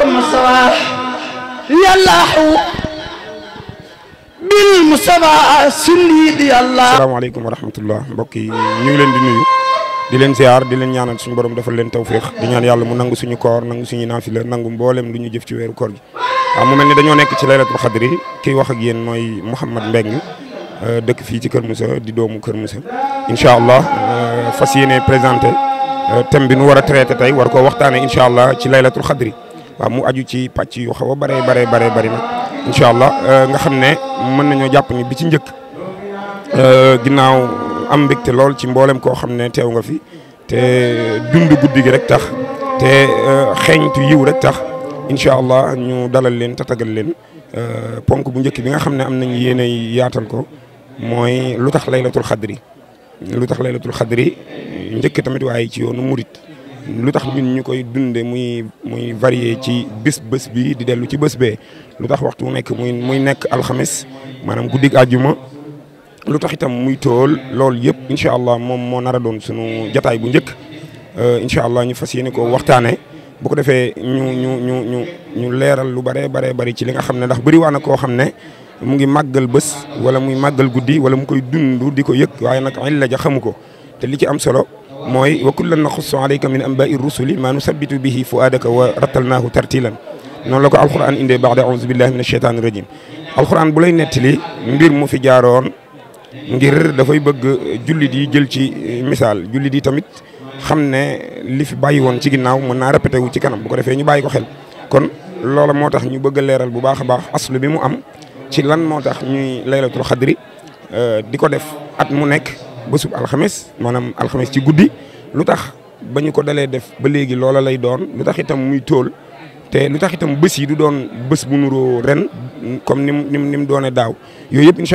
لكم الصباح يلاحوا bil Mustafa sunni di Allah asalaamaaleykum wa rahmatullah mbokk yi ñu ngi leen di nuyu di leen ziar di leen ñaanal suñu borom defal leen tawféex di ñaan yàlla mu nangu suñu koor nangu suñu naafila nangu mboolem lu ñu jëf ci weeru koor gi waaw mu mel ni dañoo nekk ci laylatul xadri kiy wax ak yéen mooy Mouhamad Mbeng dëkk fii ci Kër Moussa di doomu Kër Moussa incha allah fas yéene présenté thème bi nu war a traité tey war koo waxtaane incha allah ci laylatul xadri waaw mu aju ci pàcc yu xaw a bëree bëree bëree bëri nag incha allah euh, nga xam ne mën nañoo jàpp ni bi ci njëkk euh, ginnaaw am mbégte lool ci mboolem koo xam ne teew nga fi te dund guddi gi rek tax te euh, xeeñtu yiw rek tax incha allah ñu dalal leen tatagal leen ponk bu njëkk bi nga xam ne am nañu yéene yaatal ko mooy lu tax laylatul xadri lu tax laylatul xadri njëkk tamit waaye ci yoonu murit lu tax ñun ñu koy dunde muy muy varié ci bis bés bi di dellu ci bés bee lu tax waxtu nekk muy muy nekk alxames maanaam guddi àjjuma lu tax itam muy tool loolu yëpp incha allah moom moo nar a doon sunu jataay bu njëkk euh, incha allah ñu fas yéene ko waxtaanee bu ko defee ñu ñu ñu ñu ñu leeral lu bare bare bari ci li nga xam ne ndax bëri waa na koo xam ne mu ngi màggal bës wala muy màggal guddi wala mu koy dund di ko yëg waaye nag illa ja xamu ko te li ci am solo موي وكل نخص عليك من انباء الرسل ما نثبت به فؤادك ورتلناه ترتيلا rattalnaahu tartilan noonu la ko alquran indee baada auzu billahi min asheytaani rajim alquran bu lay nettali mbir mu fi jaaroon ngir bëgg jullit yi jël ci misal jullit yi tamit xamne li fi bàyyi won ci ginnaaw mën na répété wu ci kanam bu ko défé ñu bàyyi ko xel kon loolu motax ñu bëgg léral bu baaxa baax aslu bi mu am ci lan motax ñuy laylatul khadri euh diko def at mu nek bésub alxames maanaam alxames ci guddi lu tax ba ñu ko dalee def ba lola loola lay doon lu tax itam muy tool te lu tax itam bés yi du doon bés bu ren comme nim nim nim mu dau, mu doonee daaw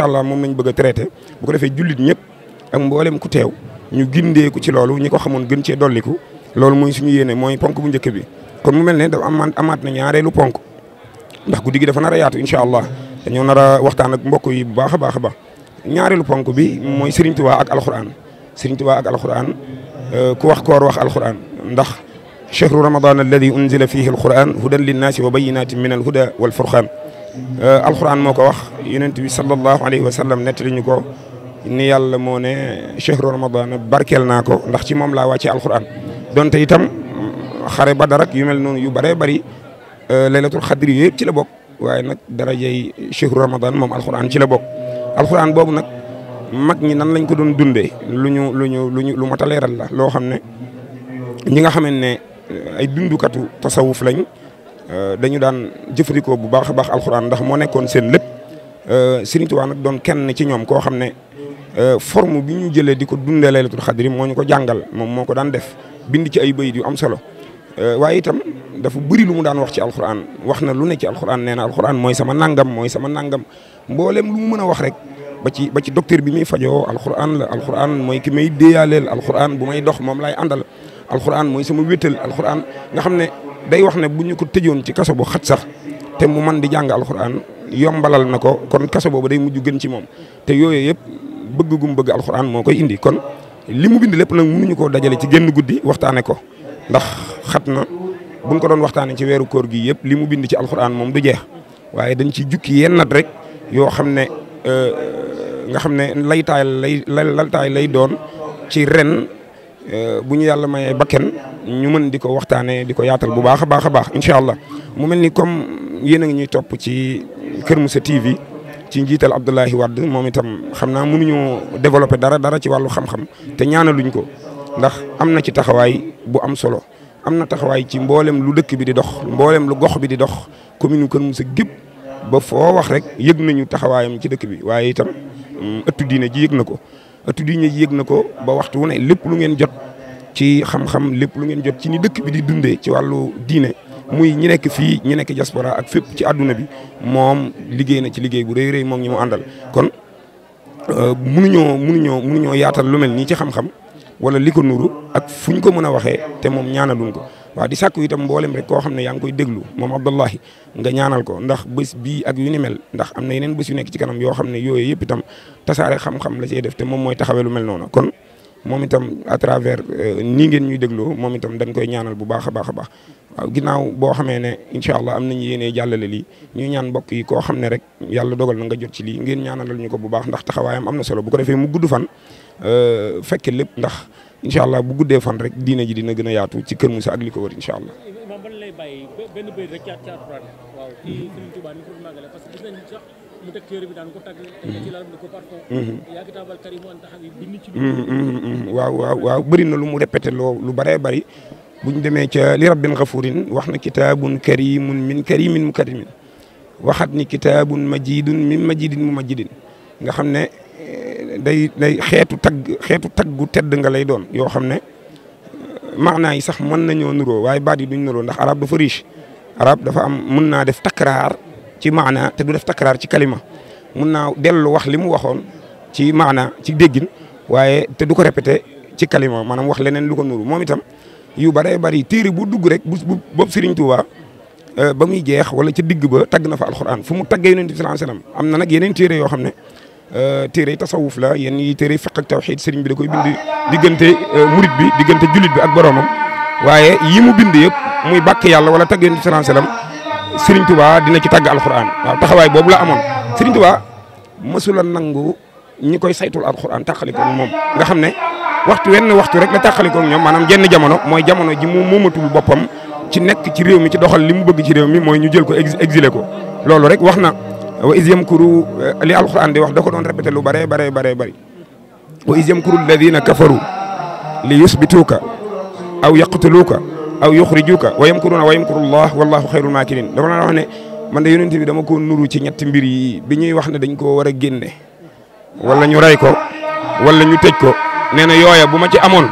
allah moom lañ bëgg a traité bu ko defee jullit ñëpp ak mboolem ku teew ñu gindeeku ci loolu ñi xamoon gën cee dolliku loolu mooy suñu yéene mooy ponk bu njëkk bi. kon mu mel ne dafa amaat amaat na ñaareelu ponk ndax guddi dafa nar yaatu incha allah dañoo nar a waxtaan ak mbokk yi bu baax a baax. ñaari lu ponku bi moy serigne touba ak alquran serigne touba ak alquran euh, ku wax koor wax alquran ndax شهر رمضان الذي انزل فيه القران هدى للناس وبينات من الهدى والفرقان القران موكو واخ يونتي صلى الله عليه وسلم نتلي نكو ني يالا موني شهر رمضان باركل ناكو ندخ سي موم لا واتي القران دونت ايتام خري بدرك يمل نون يو بري بري ليله القدر ييب سي لا بوك واي نك درجه شهر رمضان موم القران سي لا بوك alxuraan boobu nag mag ñi nan lañ ko doon dundee lu ñu lu ñu lu ñu lu mot a la loo xam ne ñi nga xamante ne ay dundukatu tasawuf lañ euh, dañu daan jëfandikoo bu baax a baax alxuraan ndax moo nekkoon seen lépp euh, Sëriñ Tuubaa nag doon kenn ci ñoom koo xam ne euh, forme bi ñu jëlee di ko dundee laylatul xadri moo ñu ko jàngal moom moo ko daan def bind ci ay bayit yu am solo Euh, waaye itam dafa bëri lu mu daan wax ci alxuraan wax na lu ne ci alxuraan nee na alxuraan mooy sama nangam mooy sama nangam mboolem lu mu mën a wax rek ba ci ba ci docteur bi muy fajoo alxuraan la alxuraan mooy ki may déeyaaleel alxuraan bu may dox moom laay àndal alxuraan mooy sama wétal alxuraan nga xam ne day wax ne bu ñu ko tëjoon ci kaso bu xat sax te mu man di jàng alxuraan yombalal na ko kon kaso boobu day mujj gën ci moom te yooyu yëpp bëgg gum bëgg alxuraan moo koy indi kon li mu bind lépp nag mënuñu koo dajale ci génn guddi waxtaane ko ndax xat na buñ ko doon waxtaanee ci weeru koor gi yëpp li mu bind ci alxuraan moom du jeex waaye dañ ci jukki yenn nat rek yoo xam ne euh, nga xam ne laytaay lay laltaay lay doon ci ren euh, bu ñu yàlla mayee bakken ñu mën di ko waxtaanee di ko yaatal bu baax a baax a baax incha allah mu mel ni comme yéen a ngi ñuy topp ci Kër Moussa TV ci njiital Abdoulaye Wade moom itam xam naa mu ñu développé dara dara ci wàllu xam-xam te ñaanaluñ ko. ndax am na ci taxawaay bu am solo am na taxawaay ci mboolem lu dëkk bi di dox mboolem lu gox bi di dox commune Kër Moussa gépp ba foo wax rek yëg nañu taxawaayam ci dëkk bi waaye itam mm, ëttu diine ji yëg na ko ëttu diine ji yëg na ko ba waxtu wu ne lépp lu ngeen jot ci xam-xam lépp lu ngeen jot ci ni dëkk bi di dundee ci wàllu diine muy ñi nekk fii ñi nekk diaspora ak fépp ci àdduna bi moom liggéey na ci liggéey bu rëy rey moom ñi mu àndal kon euh, munuñoo munuñoo munuñoo yaatal lu mel nii ci xam wala li ko nuru ak fu ko mën a waxee te moom ñaanaluñ ko waaw di sàkku itam mboolem rek koo xam ne yaa ngi koy déglu moom Abdullahi nga ñaanal ko ndax bés bi ak yu ni mel ndax am na yeneen bés yu nekk ci kanam yoo xam ne yooyu yëpp itam tasaare la cay def te moom mooy taxawee lu mel noonu kon moom itam à travers euh, nii ngeen ñuy dégloo moom itam dañ koy ñaanal bu baax a baax a baax waaw boo xamee ne incha allah am nañu yéene jàllale lii ñuy ñaan mbokk yi koo xam ne rek yàlla dogol na nga jot ci lii ngeen ñaanalal ñu ko bu baax ndax taxawaayam am na solo bu ko defee mu gudd fan fekke lépp ndax incha allah bu guddee fan rek diine ji dina gën a yaatu ci Kër Moussa ak li ko wër incha allah. mu teg téere bi daan ko tàgg. ci laal ko parfum. yaa kitaabal karim anta habib bind ci biir. waaw waaw waaw bëri na lu mu répété loo lu bëree bëri bu ñu demee ca li rabbin xafurin wax na kitaabun karimun min karimin mukarimin waxat ni kitaabun majidun min majidin mu majidin nga xam ne. day day xeetu tagg xeetu taggu tedd nga lay doon yoo xam ne maanaa yi sax mën nañoo nuroo waaye baat yi duñ nuroo ndax arab dafa riche arab dafa am mun naa def takraar ci maanaa te du def takraar ci kalima mun naa dellu wax li mu waxoon ci maana ci déggin waaye te du ko répété ci kalima maanaam wax leneen lu ko nuru moom itam yu bëree bëri téere bu dugg rek bu bu boobu Serigne e ba muy jeex wala ci digg ba tagg na fa alxuraan fu mu taggee yonent bi sallallahu am na nag yeneen téere yoo xam ne Euh, téere tasawuf la yéen ñii téere fiq ak tawxiid sëriñ bi da koy bind diggante euh, murit bi diggante jullit bi ak boromam waaye yi mu bind yëpp muy bàkk yàlla wala tagg yonent sallallahu alayhi wasallam sëriñ Tuubaa dina ci tàgg alquran waaw taxawaay boobu la amoon sëriñ Tuubaa mësula nangu ñi koy saytul alquran tàqalikoo moom nga xam ne waxtu wenn waxtu rek la tàqalikoo ñoom maanaam jenn jamono mooy jamono ji mu moomatul boppam ci nekk ci réew mi ci doxal li mu bëgg ci réew mi mooy ñu jël ko exilé ko loolu rek wax na wa is yamkuru eh, li alquran di wax da ko doon répété lu bare bare bare bëri wa is yamkuru alladina kafaru li yusbituuka aw yaqtuluuka aw yuxrijuuka wa yamkuruuna wa yamkuru allah wallahu xayrul makirin dama la wax ne man de yonent bi dama ko nuru ci ñetti mbir yi bi ñuy wax ne dañ koo war a génne wala ñu rey ko wala ñu tëj ko nee na yooya bu ma ci amoon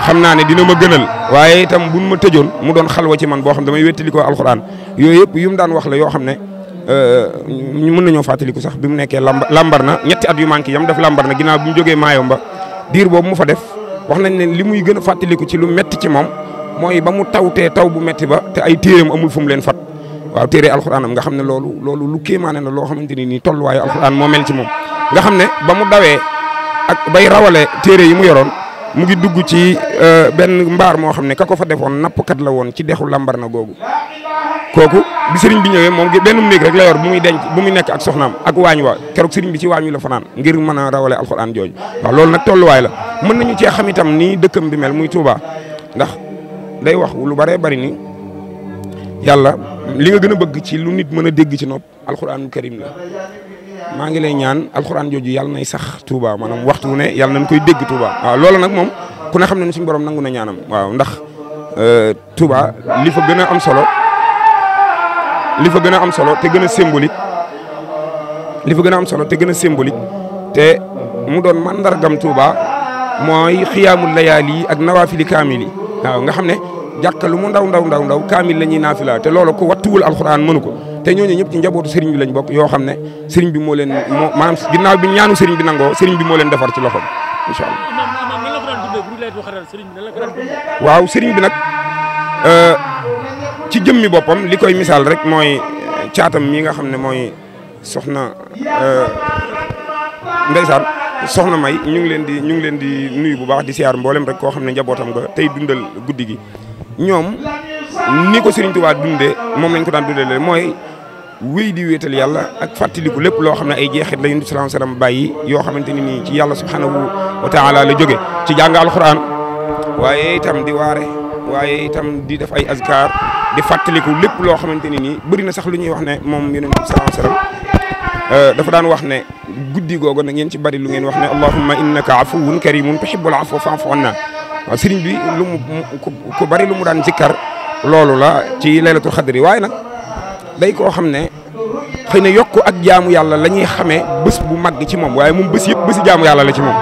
xam naa ne dina ma gënal waaye itam buñ ma tëjoon mu doon xalwa ci man boo xam damay wettali ko alquran yooyu yëpp yu mu daan wax la yoo xam ne mën nañoo fàttaliku sax bi mu nekkee lambar na ñetti at yu manqué yam def lambar na ginnaaw bi mu jógee Mayomba diir boobu mu fa def wax nañ ne li muy gën a fàttaliku ci lu metti ci moom mooy ba mu taw tawtee taw bu metti ba te ay téeréem amul fu leen fat waaw téere alxuraanam nga xam ne loolu loolu lu kéemaane la loo xamante ni nii tolluwaayu alxuraan moo mel ci moom nga xam ne ba mu dawee ak bay rawale téere yi mu yoroon mu ngi dugg ci euh, benn mbaar moo xam ne ka fa defoon nappkat la woon ci dexu lambar na googu kooku bi sëriñ bi ñëwee moom benn néeg rek la yor bu muy denc bu muy nekk ak soxnaam ak waañ wa keroog sëriñ bi ci waañ wi la fanaan ngir mën a rawale alxuraan jooju waaw loolu nag tolluwaay la mën nañu cee xam itam ni dëkkam bi mel muy Touba ndax day wax lu bëree bëri ni yàlla li nga gën a bëgg ci lu nit mën a dégg ci nopp alxuraanu karim la maa ngi lay ñaan alxuraan jooju yàlla nay sax Touba maanaam waxtu wu ne yàlla nañ koy dégg Touba waaw loolu nag moom ku ne xam ne ne suñu borom nangu na ñaanam waaw ndax euh, Touba li fa gën a am solo li fa gën a am solo te gën a symbolique li fa gën a am solo te gën a symbolique te mu doon mandargam Touba mooy xiyaamul layaal yi ak nawaafili kaamil yi waaw nga xam ne jàkka lu mu ndaw ndaw ndaw ndaw kaamil la ñuy naafila te loolu ko wattuwul alxuraan mënu ko te ñooñu ñëpp ci njabootu sëriñ bi lañ bokk yoo xam ne sëriñ bi moo leen moo maanaam ginnaaw bi ñaanu sëriñ bi nangoo sëriñ bi moo leen defar ci loxoom incha allah waaw sëriñ bi nag ci jëmmi boppam li koy misaal rek mooy euh, caatam mii nga xam ne mooy soxna euh, ndeysaan soxna may ñu ngi leen di ñu ngi leen di nuyu bu baax di siyaar mboolem rek koo xam ne njabootam ga tey dundal guddi gi ñoom ni ko Serigne Touba dundee moom lañ ko daan dundee leen mooy wéy di wéetal yàlla ak fàttaliku lépp loo xam ne ay jeexit la yunus sallallahu alayhi wasallam yoo xamante ni nii ci yàlla subhanahu wa taala la jóge ci jàng alquran waaye itam di waare waaye itam di def ay azkar di fàttaliku lépp loo xamante ni nii bëri na sax lu ñuy wax ne moom yonent bi sallallahu alayhi wasallam euh, dafa daan wax ne guddi googu na ngeen ci bari lu ngeen wax ne allahumma innaka afuwun karimun tuhibbul afwa fa'fu anna waaw sëriñ bi lu mu ku bari lu mu daan zikkar loolu la ci laylatul xadri waaye nag day koo xam ne xëy na yokk ak jaamu yàlla la ñuy xamee bés bu màgg ci moom waaye moom bés yëpp bési jaamu yàlla la ci moom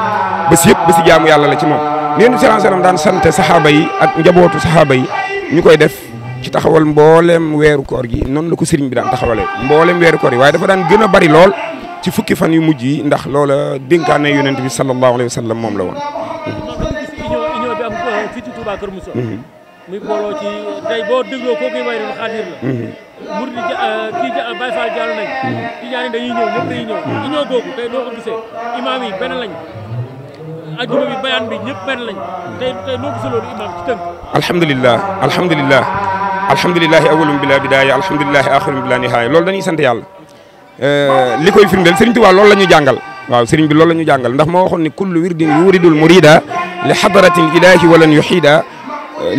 bés yëpp bési jaamu yàlla la ci moom neen bi sallallahu alayhi wasallam daan sant saxaaba yi ak njabootu saxaaba yi ñu koy def ci taxawal mbollem wéru koor gi non la ko serigne bi daan taxawale mbollem wéru koor yi waye dafa daan gëna bari lool ci fukki fan yu mujjii ndax loola dinkane yonent bi sallallahu alayhi wasallam mom la won الحمد لله الحمد لله alhamdulilahi awalum bila bidaaya alhamdulilahi axirum bila nihaaya loolu dañuy sant yàlla li koy firndeel Serigne Touba loolu la ñu jàngal waaw Serigne bi loolu la ñu jàngal ndax moo waxoon ne kullu wirdin yuridul murida li xadaratil ilahi walan yuxiida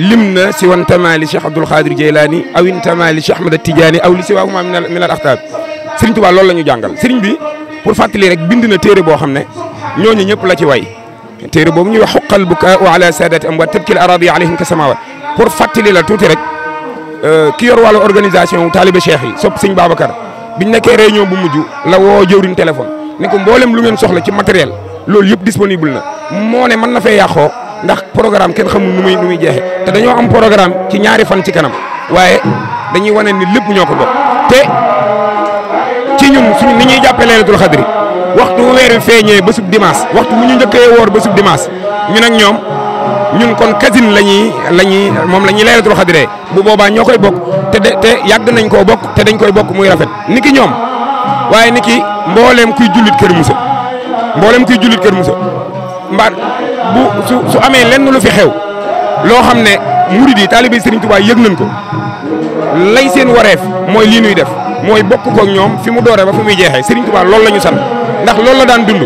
lim na si wan tama li Cheikh Abdoul Khadir Jeylaani aw in tama li Cheikh Ahmad Tidiane aw li si waahuma min al axtaab Serigne Touba loolu la ñu jàngal Serigne bi pour fàttali rek bind na téere boo xam ne ñooñu ñëpp la ci way téere boobu ñuy wax xuqal bukaa ala saadaati am wa tabkil aradi alayhim ka samawaat pour fàttali la tuuti rek Euh, ki yor wàllu organisation wu taalibe cheikh yi sopp sëñ Babacar biñ nekkee réunion bu mujj la woo jëwriñ téléphone ne ko mboolem lu ngeen soxla ci matériel loolu yëpp disponible na moo man mën na fee yàqoo ndax programme kenn xamul nu muy nu mu jeexe te dañoo am programme ci ñaari fan ci kanam waaye dañuy wane ni lépp ñoo ko bokk te ci ñun suñu ni ñuy jàppee laylatul xadri waxtu weer wi feeñee ba sub dimanche waxtu bu ñu njëkkee woor ba sub dimanche ñoom ñun kon kasin la ñuy la moom la ñuy laylatul xadre bu boobaa ñoo koy bokk te de te yàgg nañ koo bokk te dañ koy bokk muy rafet ni ki ñoom waaye ni ki mbooleem kuy jullit kër Moussa mbooleem kuy jullit kër Moussa mbaat bu su amee lenn lu fi xew loo xam ne murid yi taalibe Serigne Touba yëg nañ ko lay seen wareef mooy lii nuy def mooy bokk koog ñoom fi mu dooree ba fi muy jeexee Serigne Touba loolu la ñu sant ndax loolu la daan dund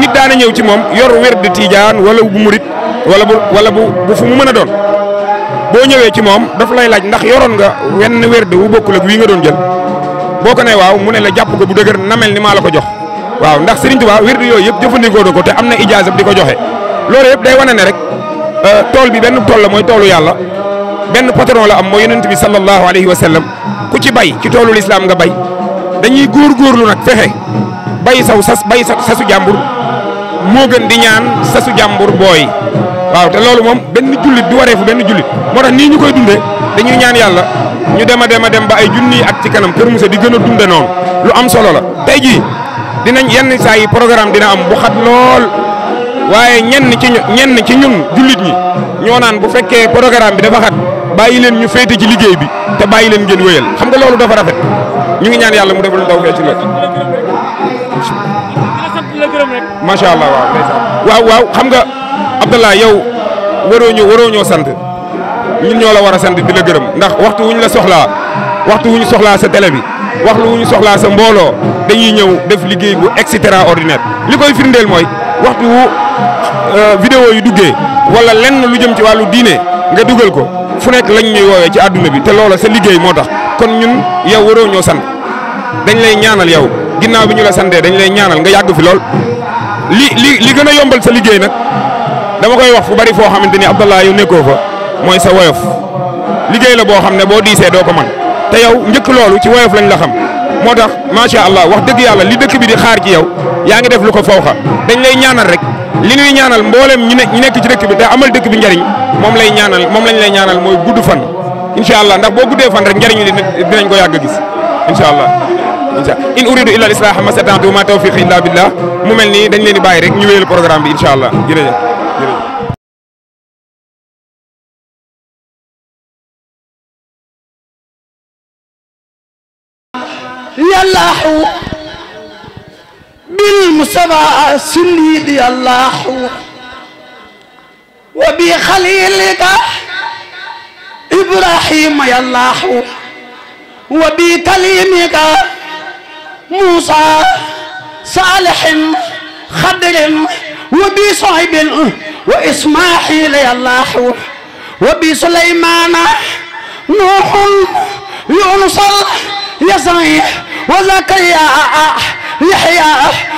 nit daana ñëw ci moom yor werd tijaan wala bu wala bu wala bu bu fu mu mën doon boo ñëwee ci moom dafa lay laaj ndax yoroon nga wenn werd wu bokkul ak wii nga doon jël boo ko ne waaw mu ne la jàpp ko bu dëgër namel ni maa la ko jox waaw ndax Serigne Touba werd yooyu yëpp jëfandikoo na ko te am na ijaasa di ko joxe loolu yëpp day wane ne rek euh, tool bi benn tool la mooy toolu yàlla benn patron am moo yonent bi sallallahu alayhi wa sallam ku ci bay ci toolu lislaam nga bay dañuy góorgóorlu nag fexe bay saw sas bay sasu jàmbur moo gën di ñaan sasu jàmbur booy waaw te loolu mom benn julit du waré fu benn julit moo tax nii ñu koy dañuy ñaan yalla ñu déma déma dem ba ay junniy ak ci kanam Kër musa di gëna dundé non lu am solo la tay ji dinañ yenn saa yi programme dina am bu xat lol waye ñenn ci ñenn ci ñun julit ñi ño naan bu fekkee programme bi dafa xat bayi len ñu fété ci liggéey bi te bayi len gën wéyal xam nga loolu dafa rafet ñu ngi ñaan yalla mu defal taw fee ci loolu. macha allah waaw waaw xam nga. Abdallah yow waroo ñu waroo ñoo sant ñun ñoo la war a sant di la gërëm ndax waxtu wuñ la soxlaa waxtu wuñ soxlaa sa télé bi waxtu wuñ soxlaa sa mbooloo dañuy ñëw def liggéey bu extraordinaire li koy firndeel mooy waxtu wu euh, vidéo yu duggee wala lenn lu jëm ci wàllu diine nga dugal ko fu nekk lañ ñuy woowee ci àdduna bi te loola sa liggéey moo tax kon ñun yow waroo ñoo sant dañ lay ñaanal yow ginnaaw bi ñu la santee dañ lay ñaanal nga yàgg fi lool li li li gën a yombal sa liggéey nag dama koy wax fu bari fo xamanteni Abdallah yu neko fa moy sa woyof ligey la bo xamne bo boo do ko man te yow njëkk lolu ci woyof lañ la xam motax ma sha allah wax deug yàlla li dëkk bi di xaar ci yow yaa ngi def lu ko fawxa dañ lay ñaanal rek li ñuy ñaanal mbolem ñu nekk ci dëkk bi da amal dëkk bi njariñ mom lay ñaanal mom lañ lay ñaanal moy guddu fan insha allah ndax bo guddé fan rek njariñ li dinañ ko yàgg gis insha allah إن أريد إلا الإصلاح ما al islaha ma إلا بالله tawfiqi illa billah باي mel نيويل dañ leen di bàyyi rek ñu الله بالمسمى سنيدي الله وبخليلك إبراهيم يا الله وبكليمك موسى صالح خضر وبصعب وإسماعيل يا الله وبسليمان نوح يونس يزيح وزكيا يحيى